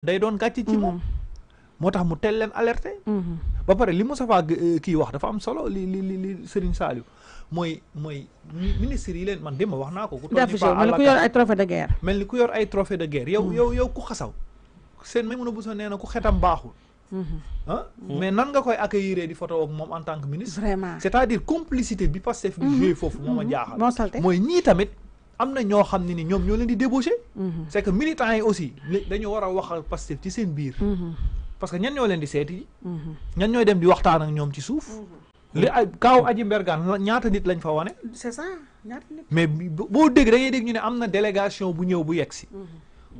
day doon gàcce ci moom mm-hmm. moo tax mu teel leen alerté mm-hmm. ba pare li Moustapha kii wax dafa am solo li li li Serigne Saliou mooy mooy ministre yi leen man démb wax naa ko ku toll mel ni ku yor mel ni ku yor ay trophée de guerre mm-hmm. yow yow ku xasaw seen may mën a buso nee na ku xetam baaxul ah mais nan nga koy accueillir di photo ak moom en tant que ministre vraiment cest complicité bi Pastef bi joué foofu moom a jaaxal mooy ñii tamit am na ñoo xam ne ni ñoom ñoo leen di débauché. Mhm. c'est que militants yi aussi dañu war a waxal Pastef ci seen biir. Mhm. parce que ñan ñoo leen di seeti ji. Mhm. ñan ñooy dem di waxtaan ak ñoom ci suuf. li ay kaaw aji mbergaan ñaata nit lañ fa wane. c'est ça mais boo dégg da ngay ñu ne am na délégation bu ñëw bu yegg si.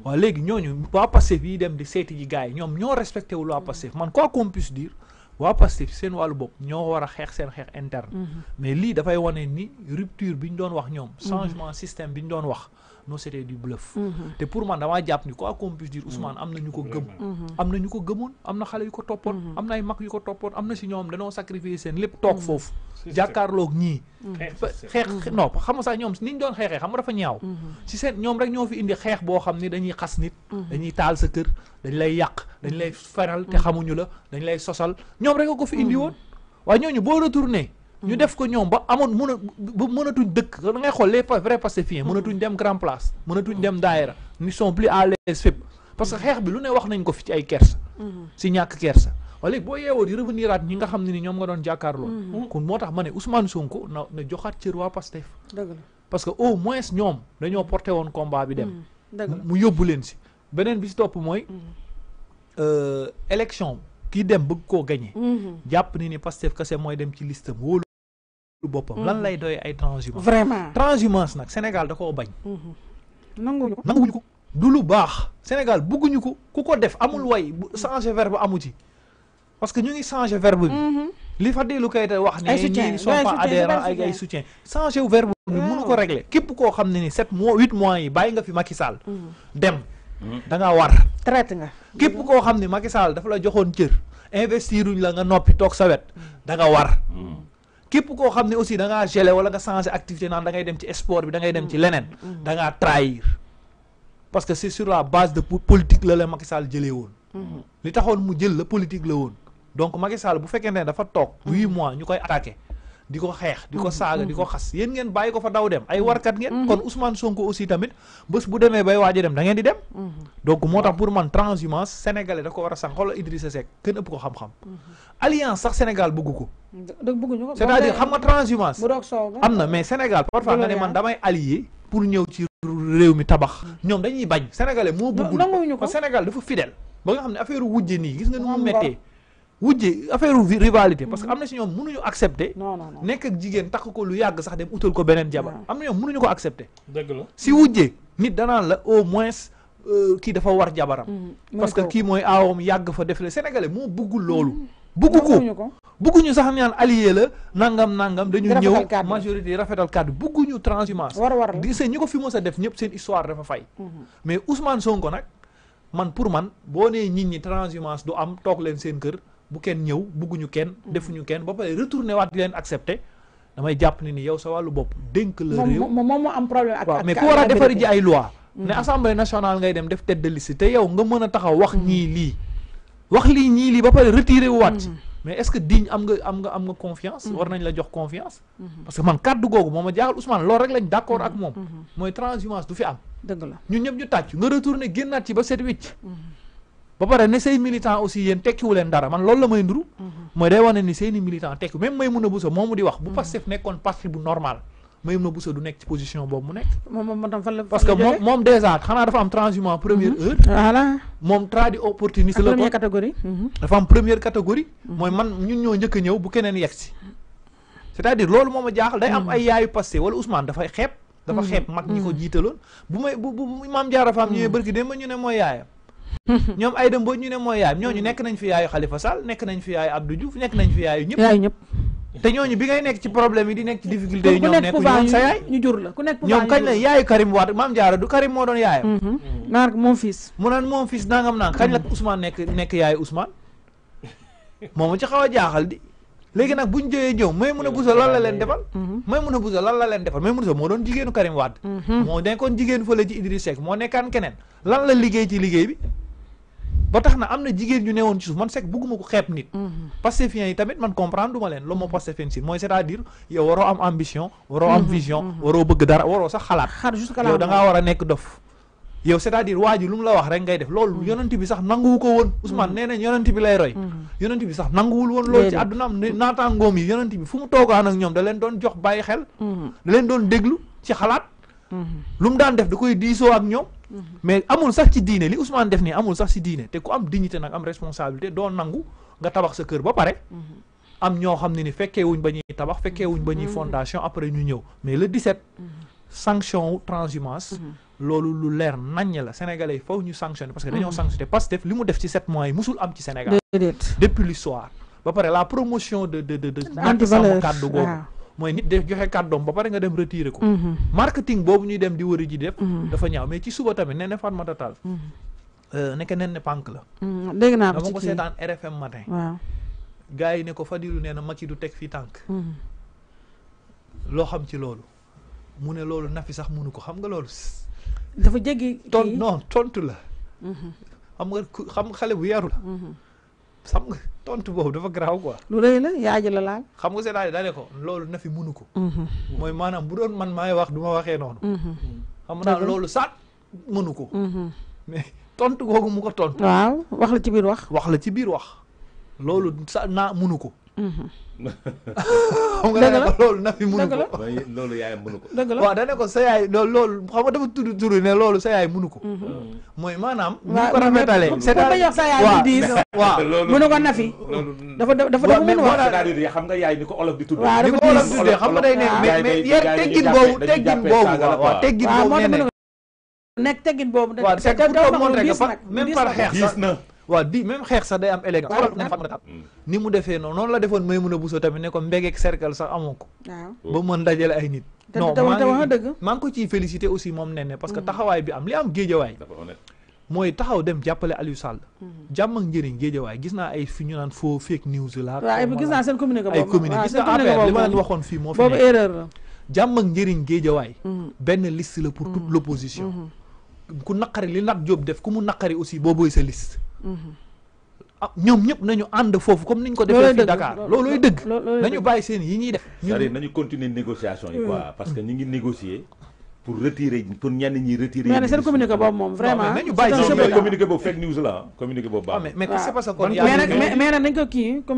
waaw léegi ñooñu waa Pastef yi dem di seeti ji gars yi ñoom ñoo respecté wul waa Pastef man quoi qu'on puisse dire. waa Pastef seen wàllu bopp ñoo war a xeex seen xeex interne mhm. mais lii dafay wane ni rupture bi ñu doon wax ñoom mhm. changement système bi ñu doon wax non c'était du mhm. te pour man damaa jàpp ni quoi qu'on puisse dire mhm. Ousmane am na ñu ko gëm. Mhm. am na ñu ko gëmoon am na xale yu ko toppoon. am na ay mag yu ko toppoon am na si ñoom dañoo sacrifier seen lépp toog foofu. jàkkaarlook ñii. xeex non xam nga sax ñoom ni ñu doon xeexee xam nga dafa ñaaw. si seen ñoom rek ñoo fi indi xeex boo xam ni dañuy xas nit. dañuy taal sa kër dañ lay yàq dañ lay feral te xamuñu la dañ lay sosal ñoom rek a ko fi indi woon waaye ñooñu boo retourné ñu def ko ñom ba amone mëna a ba mënatuñ dëkk da ngay xol les vrai pacifiens mm-hmm. mënatuñ dem grand place mënatuñ dem daayira ni sont plus à l'aise fep parce que mm-hmm. xex bi lu ne wax nañ ko fi ci ay kersa ci mm-hmm. ñak kersa wala bo yeewoo di revenirat ñi nga xam ne ni ñoom nga doon jakarlo kon motax mané ne Ousmane Sonko na na joxaat cër waa Pastef parce que au moins ñom dañoo porter won combat bi dem mu yobul len ci benen bi si moy euh élection ki dem bëgg ko gagner japp ni ni Pastef kasse moy dem ci liste boppam mm. lan lay doy ay transhumance vraiment transhumance nag Sénégal da koo bañ mm-hmm. nanguñu ko ko du lu baax Sénégal bugguñu ko ku ko def amul way mm-hmm. changer verbe amu ci parce que ñu ngi changer verbe bi mm-hmm. li Fadilou Keita wax ne ñii sont pas adhérents ak ay soutien changer verbe bi mënu ko régler képp koo xam ne ni sept mois huit mois yi bàyyi nga fi Macky Sall dem da ngaa war traite nga képp ko xam ne Macky Sall dafa la joxoon cër investiruñ la nga noppi toog sa wet da war kep ko xamne aussi da nga geler wala nga changer activité nan da ngay dem ci sport bi da ngay dem ci mm-hmm. lenen mm-hmm. da nga trahir parce que c'est sur la base de politique la la Macky Sall jëlee won mm-hmm. li taxone mu jël la politique la won donc Macky Sall bu fekkee dafa tok 8 mois ñukoy attaquer diko xex diko mm-hmm, saga diko mm-hmm. saaga di ngeen bayiko fa daw dem ay mm-hmm. warkat ngeen kon Ousmane Sonko aussi tamit bés bu demee bay waji dem da ngeen di dem donc motax pour man transhumance sénégalais da ko wara sax xol Idrissa Seck kenn ëpp ko xam-xam alliance sax Sénégal bëgg ko c'est-à-dire xam nga transhumance amna mais Sénégal parfois nga né man damay ah. allié pour ñëw ci réew mi tabax ñom dañuy bañ sénégalais mo bëggul ko Sénégal dafa fidèle ba nga xamné affaire wujje ni gis nga nu mu metté wujje affaire rivalité parce que am na si ñoom mënuñu accepter nekk ak jigéen takk ko lu yàgg sax dem utal ko beneen jabar am na ñoom mënuñu ko accepter dëgg la si wujje nit danaan la au moins euh, kii dafa war jabaram mm-hmm. parce que kii mooy aawam yàgg fa def le sénégalais moo bëggul loolu mm-hmm. bëggu ko bëgguñu sax ñaan allié la nangam nangam dañu ñëw majorité rafetal kàddu bëgguñu transhumance war war di seen ñi ko fi mos a def ñëpp seen histoire dafa fay mm-hmm. mais Ousmane Sonko nag man pour man boo nee nit ñi transhumance du am toog leen seen kër bu kenn ñëw bugguñu kenn defuñu kenn ba pare retourner waat di leen accepter damay japp ni ni yow sa walu bop denk le rew mom mom mo am problème ak mais ko wara defari ji ay loi mm. né assemblée nationale ngay dem def tête de liste té yow nga mëna taxaw wax mm. ñi li wax li ñi li ba pare retirer wu waat mm. mais est-ce que digne am nga am nga am nga confiance war nañ la jox confiance mm-hmm. parce que man kàddu googu moma jaxal Ousmane lool rek lañ d'accord ak mom mm-hmm. moy mm-hmm. transhumance du fi am deug la ñun ñep ñu tàcc nga retourner gennat ci ba set wicc ba pare ne sey militant aussi yeen tekki wulen dara man loolu la may nduru moy mhm. day wone ni seeni militant tekki même may Maimouna Bousso momu di wax bu Pastef nekkon parti bu normal may Maimouna Bousso du nekk ci position bobu mu nekk mom mom tam fa la parce que mom mom déjà xana dafa am transhumant première heure voilà mom tradi opportuniste la première catégorie dafa am première catégorie moy man ñun ñoo ñëk a ñëw bu keneen yegg si c' à dire loolu moma ma jaaxal day am ay yaayu passé wala Ousmane dafa xeeb dafa xeeb mag ñi ko jiitaloon bu may bu imam jaara Diarra Fam ñëwee barki dem ma ñu ne moy yaayam ñoom Aïda Mbodj ñu ne mooy yaayam ñooñu mm. nekk nañ fi yaayu xalifa Sall nekk nañ fi yaayu Abdou Diouf nekk nañ fi yaayu ñëpp yaayu ñëpp te ñooñu bi ngay nekk ci problème yi di nekk ci difficulté yi ñoom nekk ñoom sa yaay ñu nekk ñoom kañ la yaayu Karim Wade maam Diarra du Karim moo doon yaayam mm-hmm. Mm-hmm. moom fils mu naan moom fils nangam nang kañ la mm-hmm. Ousmane nekk nekk yaayu Ousmane moom ci xaw a jaaxal di léegi nag bu ñu jëyee jëw may mun a busa lan la leen defal may mun a busa lan la leen defal may mun a busa moo doon jigéenu Karim Wade moo nekkoon jigéen fële ci Idriss Seck moo nekkaan keneen lan la liggéey ci liggéey bi ba tax na am na jigéen ñu newoon ci suuf man sekk bëgguma ko xeeb nit mhm. Pastefien yi tamit man comprendre duma leen loolu moo Pastefien si mooy c'est-à-dire yow waroo am ambition waroo mhm. Mhm. bëgg dara waroo sax xalaat yow da ngaa war a nekk dof yow c'est-à-dire waa ji lu mu la wax rek ngay def loolu yonent bi sax nanguwu ko woon Ousmane nee nañ yonent bi lay roy yonent bi sax nanguwul woon loolu ci am naataangoom yi yonent bi fu mu toogaan ak ñoom da leen doon jox bàyyi xel da leen doon déglu ci xalaat lu mu daan def da koy diisoo ak ñoom mais amul sax ci diiné li Ousmane def ni amul sax ci diiné té ku am dignité nak am responsabilité do nangu nga tabax sa kër ba paré mhm. am ño xamni ni féké wuñ ba ñuy tabax féké wuñ ba mhm. fondation après ñu ñëw mais le 17. Mhm. sanction transhumance. lolu lu leer nañ la sénégalais faw ñu sanctionner parce que dañoo sanctionner parce def limu def ci 7 mois yi musul am ci Sénégal. depuis l'histoire ba paré la promotion de de de de. anti valeur moy nit def joxe cadeau ba pare nga dem retirer ko mhm. marketing bobu ñuy dem di wëri ji def mhm. dafa ñaaw mais ci suba tamit nee na tal euh nek nen ne pank la mhm. dégg naa dama ko seetaan RFM matin waaw gars yi ne ko fadilu neena na Macky du tek fi tank lo xam ci lolu mu ne lolu Nafi sax mënu ko xam nga lolu dafa jéggi ton non tontu la xam nga xam xale bu yaru la xam nga tontu boobu dafa garaaw quoi. lu rëy la yaaji la laal. xam nga c'est-à-dire ko loolu na fi munu ko. Mhm. mooy maanaam bu doon man maay wax du ma waxee noonu. Mhm. xam naa mhm. loolu saat mënu ko. mais tontu googu muko ko tontu. waaw wax la ci biir wax. wax la ci biir wax. loolu sa naa munu ko. Mhm. xam nga ne ko loolu na fi mënu ko loolu yaay mënu ko waaw da ne ko sa yaay loolu loolu xam nga dafa tudd turu ne loolu sa yaay mënu ko mhm. mooy maanaam ñu ko rafetale c'est-à-dire sa yaay di diis waaw mënu ko na fi dafa dafa dafa mënu wax c'est-à-dire xam nga yaay ni ko olof di tudd ni ko olof di day ne teggin boobu teggin boobu waaw teggin boobu nekk teggin boobu da c'est que même par xeex sax waaw di même xeex sax day am élégance ni mu defee noonu noonu la defoon may mun a busoo tamit ne ko mbegeeg cercle sax amoo ko ba mën dajale ay nit non maa ngi ko ciy félicité aussi moom ne ne parce que mm. taxawaay bi am li am géejawaay mooy taxaw dem jàppale Aliou Sall mm-hmm. jàmm ak njëriñ géejawaay gis naa ay fi ñu naan foo fake news la gis naa seen communiqué ay gis nga affaire li ma leen waxoon fii moo fi boobu jàmm njariñ njëriñ géejawaay mm-hmm. benn liste la pour toute mm-hmm. l'opposition ku naqari li nat Diop def ku mu naqari aussi booboy sa liste ah ñoom ñëpp nañu ànd foofu comme niñ ko defee fii Dakar loolooy dëgg nañu bàyyi seen yi ñuy def cest à nañu continuer négociation yi quoi hmm. parce que ñu ngi négocier pour retirer pour ñenn ñi retirer mais seen communiqué boobu moom vraiment nañu bàyyi seen communiqué boobu fake news la ah. communiqué boobu baax mais mais c'est pas ça mais nag mais nag dañ ko kii